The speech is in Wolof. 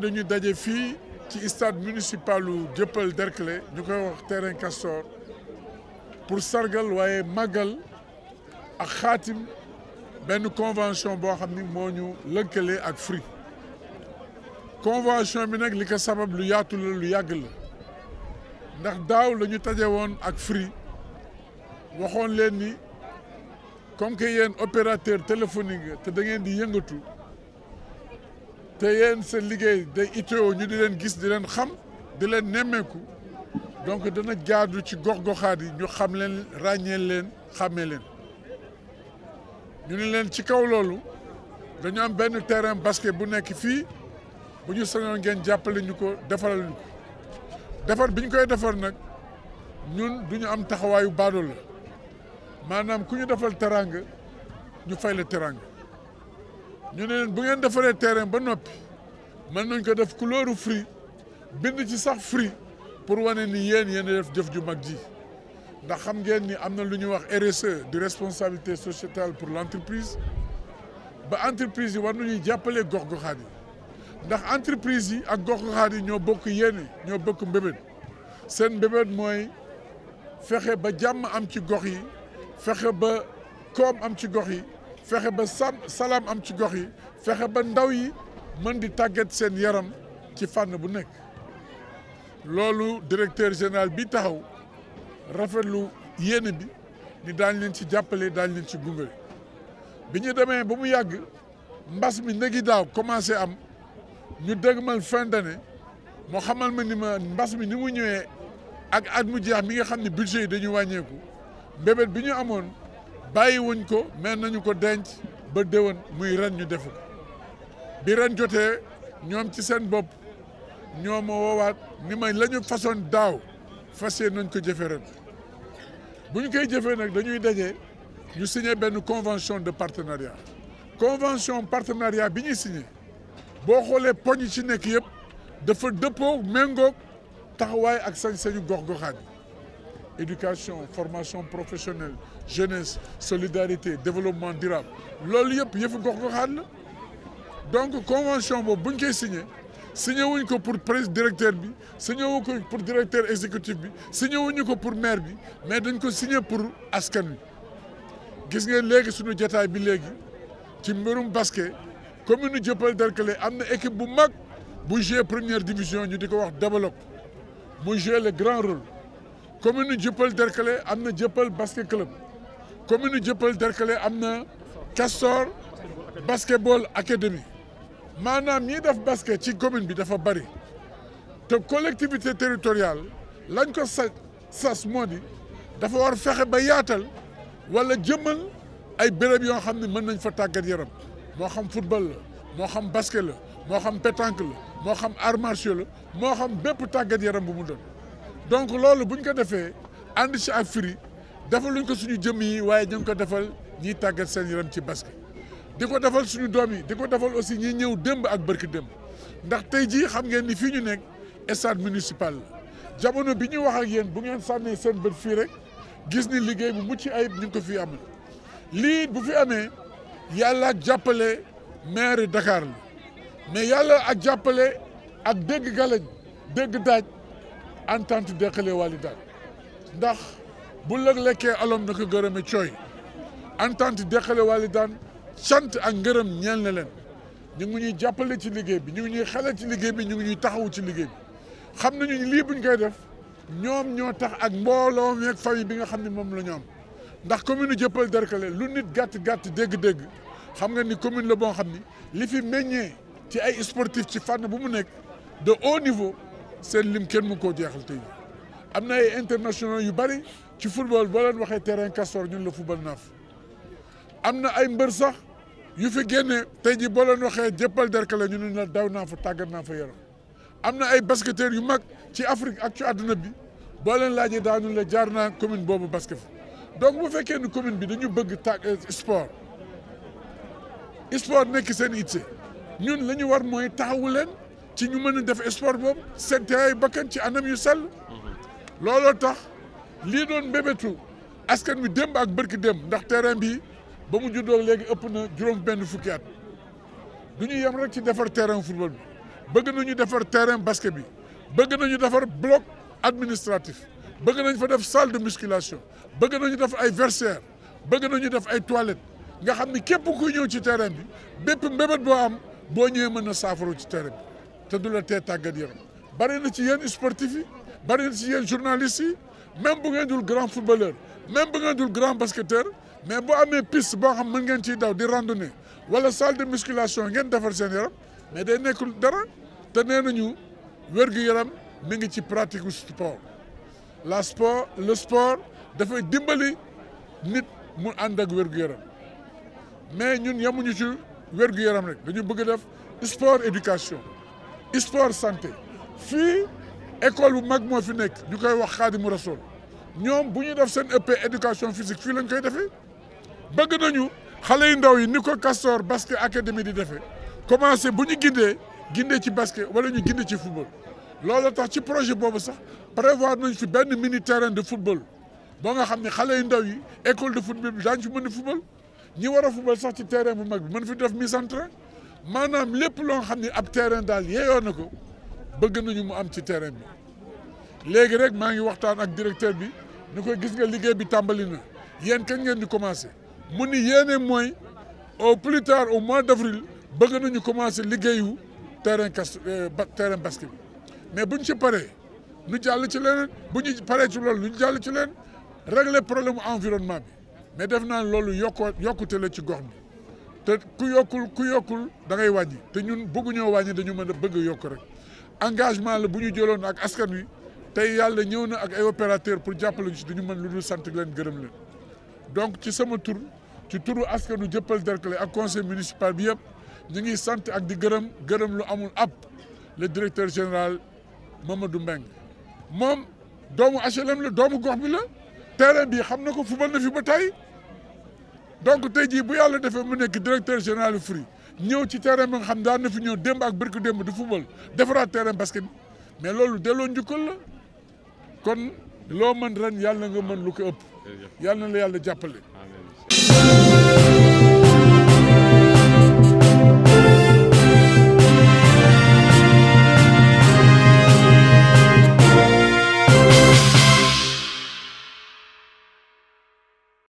tey dañu daje fii ci stade municipalu Dieuppeul Derklé ñu koy wax terrain Castor pour sargal waaye màggal ak xaatim benn convention boo xam ni moo ñu lëkkale ak fri convention bi nag li ko sabab lu yaatu la lu yàgg la ndax daaw lañu taje woon ak Free waxoon leen ni comme que yéen opérateur téléphonique te da ngeen di yëngatu te yéen seen liggéey day itteewoo ñu di leen gis di leen xam di leen nemmeeku donc dana jaadu ci gox-goxaat yi ñu xam leen ràññee leen xàmmee leen ñu ne leen ci kaw loolu dañu am benn terrain basket bu nekk fii bu ñu sañoon ngeen jàppale ñu ko defaral ñu ko defar bi ñu koy defar nag ñun duñu am taxawaayu baadoo la maanaam ku ñu defal teraanga ñu fay la teraanga ñu ne leen bu ngeen defaree terrain ba noppi mën nañ ko def couleur Free bind ci sax frie pour wane ni yéen yéen def jëf ju mag ji ndax xam ngeen ni am na lu ñuy wax RSE di responsabilité sociétale pour l'entreprise ba entreprise yi war nañuy jàppale gox-goxaan yi ndax entreprise yi ak gox-goxaan yi ñoo bokk yéene ñoo bokk mbébét seen mbébét mooy fexe ba jàmm am ci gox yi fexe ba koom am ci gox yi fexe ba sam salaam am ci gox yi fexe ba ndaw yi mën di tàggat seen yaram ci fànn bu nekk loolu directeur général bi taxaw rafetlu yéene bi ni daañ leen ci jàppale daañ leen ci gunge bi ñu demee ba mu yàgg mbas mi ndegi daaw commencé am ñu dégmal fin d'année moo xamal ma ni ma mbas mi ni mu ñëwee ak at mu jeex mi nga xam ne budget yi dañu wàññeeku mbébét bi ñu amoon bàyyi wuñ ko mais nañu ko denc ba déwén muy ren ñu defu ko bi ren jotee ñoom ci seen bopp ñoo ma ni may lañu façon daaw fas yéene nañ ko jëfee ren bu ñu koy jëfee nag dañuy daje ñu signé benn convention de partenariat convention partenariat bi ñuy signé boo xoolee poñ ci nekk yëpp dafa dëppoo méngoog taxawaay ak sañ-sañu gox-goxaan éducation formation professionnel jeunesse solidarité développement durable loolu yëpp yëfu gox goxaan la donc convention boobu bu ñu koy signé signé ko pour président directeur bi signé wuñ ko pour directeur exécutif bi signé wuñu ko pour maire bi mais dañ ko signé pour askan wi gis ngeen léegi suñu jataay bi léegi ci mbirum basket commune Dieuppeul Derklé am na équipe bu mag bu joué première division ñu di ko wax dévelop mu joué le grand rôle commune nu Dieuppeul Derklé am na Dieuppeul basket club commune jëppal Dieuppeul am na Castor basketball académie maanaam ñiy def basket ci commune bi dafa bari te collectivité teritorial lañ ko sa sas moo di dafa war fexe ba yaatal wala jëmmal ay béréb yoo xam ne mën nañ fa tàggat yaram moo xam football la moo xam basket la moo xam pétanque la moo xam arts martiaux la moo xam bépp tàggat yaram bu mu doon donc loolu bu ñu ko defee ànd si ak firi defaluñ ko suñu jëmm yi waaye ñu ko defal ñiy tàggat seen yaram ci basket di ko defal suñu doom yi di ko defal aussi ñi ñëw démb ak bërki démb ndax tey jii xam ngeen ni fii ñu nekk stade municipal la jamono bi ñuy wax ak yéen bu ngeen sànnee seen bët fii rek gis ni liggéey bu ci ayib ñu ngi ko fi amal lii bu fi amee yàlla ak jàppale maire dakaar la mais yàlla ak jàppale ak dégg galañ dégg daaj. entente deqalee walidaat ndax bu la lekkee alom na ko gërëme cooy entente deqalee walidaat sant ak ngërëm ñeel ne leen ñu ngi ñuy jàppale ci liggéey bi ñu ngi ñuy xelal ci liggéey bi ñu ngi ñuy taxawu ci liggéey bi xam nañu lii bu ñu koy def ñoom ñoo tax ak mbooloo meeg famille bi nga xam ne moom la ñu ndax commune Dieuppeul Derklé lu nit gàtt gàtt dégg-dégg xam nga ni commune la boo xam ni li fi meññee ci ay sportif ci fànn bu mu nekk de haut niveau seen lim kenn mu koo jeexal tey am na ay internationaux yu bari ci football boo leen waxee terrain Castor ñun la football naaf am na ay mbër sax yu fi ne tey jii boo leen waxee jëppal der derkale ñu ne la daw naa fa tàggat naa fa yaram am na ay basketteurs yu mag ci Afrique ak ci àdduna bi boo leen laajee daañu la jaar naa commune boobu basket fa donc bu fekkee ni commune bi dañu bëgg tàgg euh, sport sport nekk seen itte ñun la ñu war mooy taxawu leen. ci ñu mën a def sport boobu seet ay bakkan ci anam yu sell looloo tax lii doon mbébétu askan wi démb ak bërki démb ndax terrain bi ba mu juddoo léegi ëpp na juróom benn fukki at du ñu yem rek ci defar terrain football bi bëgg ñu defar terrain basket bi bëgg na nañu defar bloc administratif bëgg nañ fa def salle de musculation bëgg nañu def ay vestiaire bëgg nañu def ay toilettes nga xam ni képp kuy ñëw ci terrain bi bépp mbébét boo am boo ñëwee mën na saafara ci terrain bi te du la tee tàggat yaram bari na ci yéen sportif yi bari na ci yéen journalistes yi même bu ngeen dul grand footballeur même bu ngeen dul grand basketteur mais boo amee piste boo xam mën ngeen ciy daw di randonnée wala salle de musculation ngeen defar seen yaram mais day nekkul dara te nee nañu wérgu yaram mi ngi ci pratique gu sport la sport le sport dafay dimbali nit mu ànd ak wérgu yaram mais ñun yemuñu ci wérgu yaram rek dañu bëgg def sport éducation. sport santé fii école bu mag moo fi nekk ñu koy wax xaadimu rasool ñoom bu ñuy def seen EP éducation physique fii lañ koy defee bëgg nañu xale yu ndaw yi ni ko Castor basket académie di defee commencé bu ñu gindee gindee ci basket wala ñu gindee ci football loolu tax ci projet boobu sax prévoir nañ fi benn mini terrain de football boo nga xam ne xale yu ndaw yi école de football bi daañu fi mën football ñi war a football sax ci terrain bu mag bi mën fi def mise en train maanaam lépp loo xam ne ab terrain daal yeeyoon na ko bëgg nañu mu am ci terrain bi léegi rek maa ngi waxtaan ak directeur bi ni ko gis nga liggéey bi tàmbali na yéen kañ ngeen di commencé mu ni yéene mooy au plus tard au mois d' avril bëgg nañu commencé liggéeyu terrain kas euh, terrain basket bi mais bu ñu ci paree ñu jàll ci leneen bu ñu paree ci loolu ñu jàll ci leen régler problème environnement bi mais def naa loolu yokku yokkute la ci gox mi te ku yokkul ku yokkul da ngay wàññi te ñun bëgguñoo wàññi dañu mën a bëgg yokk rek engagement la bu ñu jëloon ak askan wi tey yàlla ñëw na ak ay opérateur pour jàppale ci dañu mën lu dul sant leen gërëm leen donc ci sama tur ci turu askanu jëppal Derklé ak conseil municipal bi yëpp ñu ngi sant ak di gërëm gërëm lu amul ab le directeur général Mamadou Mbengue moom doomu HLM la doomu gox bi la terrain bi xam na ko fubal na fi ba tey donc tey jii bu yàlla defee mu nekk directeur général du Free ñëw ci terrain bi nga xam daan na fi ñëw démb ak bërki démb du football defaraat terrain basket mais loolu delloo njukkal la kon loo mën ren yàlla na nga mën lu ko ëpp yàlla na la yàlla jàppale